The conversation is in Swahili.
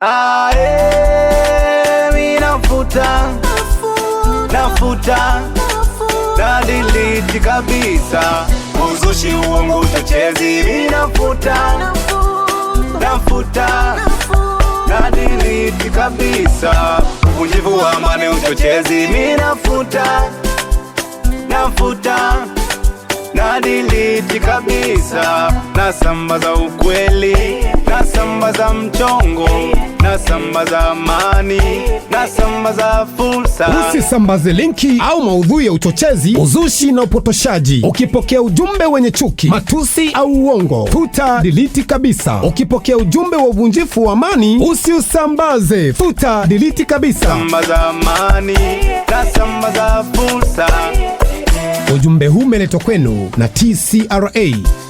Ae, nafuta nafuta na delete kabisa uzushi, uongo, utachezi. Mimi nafuta nafuta na delete kabisa uvunjivu wa amani, uchochezi. Mimi nafuta nafuta na delete kabisa, nasambaza ukweli, nasambaza mchongo kusambaza amani na sambaza fursa. Usisambaze linki au maudhui ya uchochezi, uzushi na upotoshaji. Ukipokea ujumbe wenye chuki, matusi au uongo, futa diliti kabisa. Ukipokea ujumbe wa uvunjifu wa amani, usiusambaze, futa diliti kabisa. Sambaza amani na sambaza fursa. Ujumbe huu umeletwa kwenu na TCRA.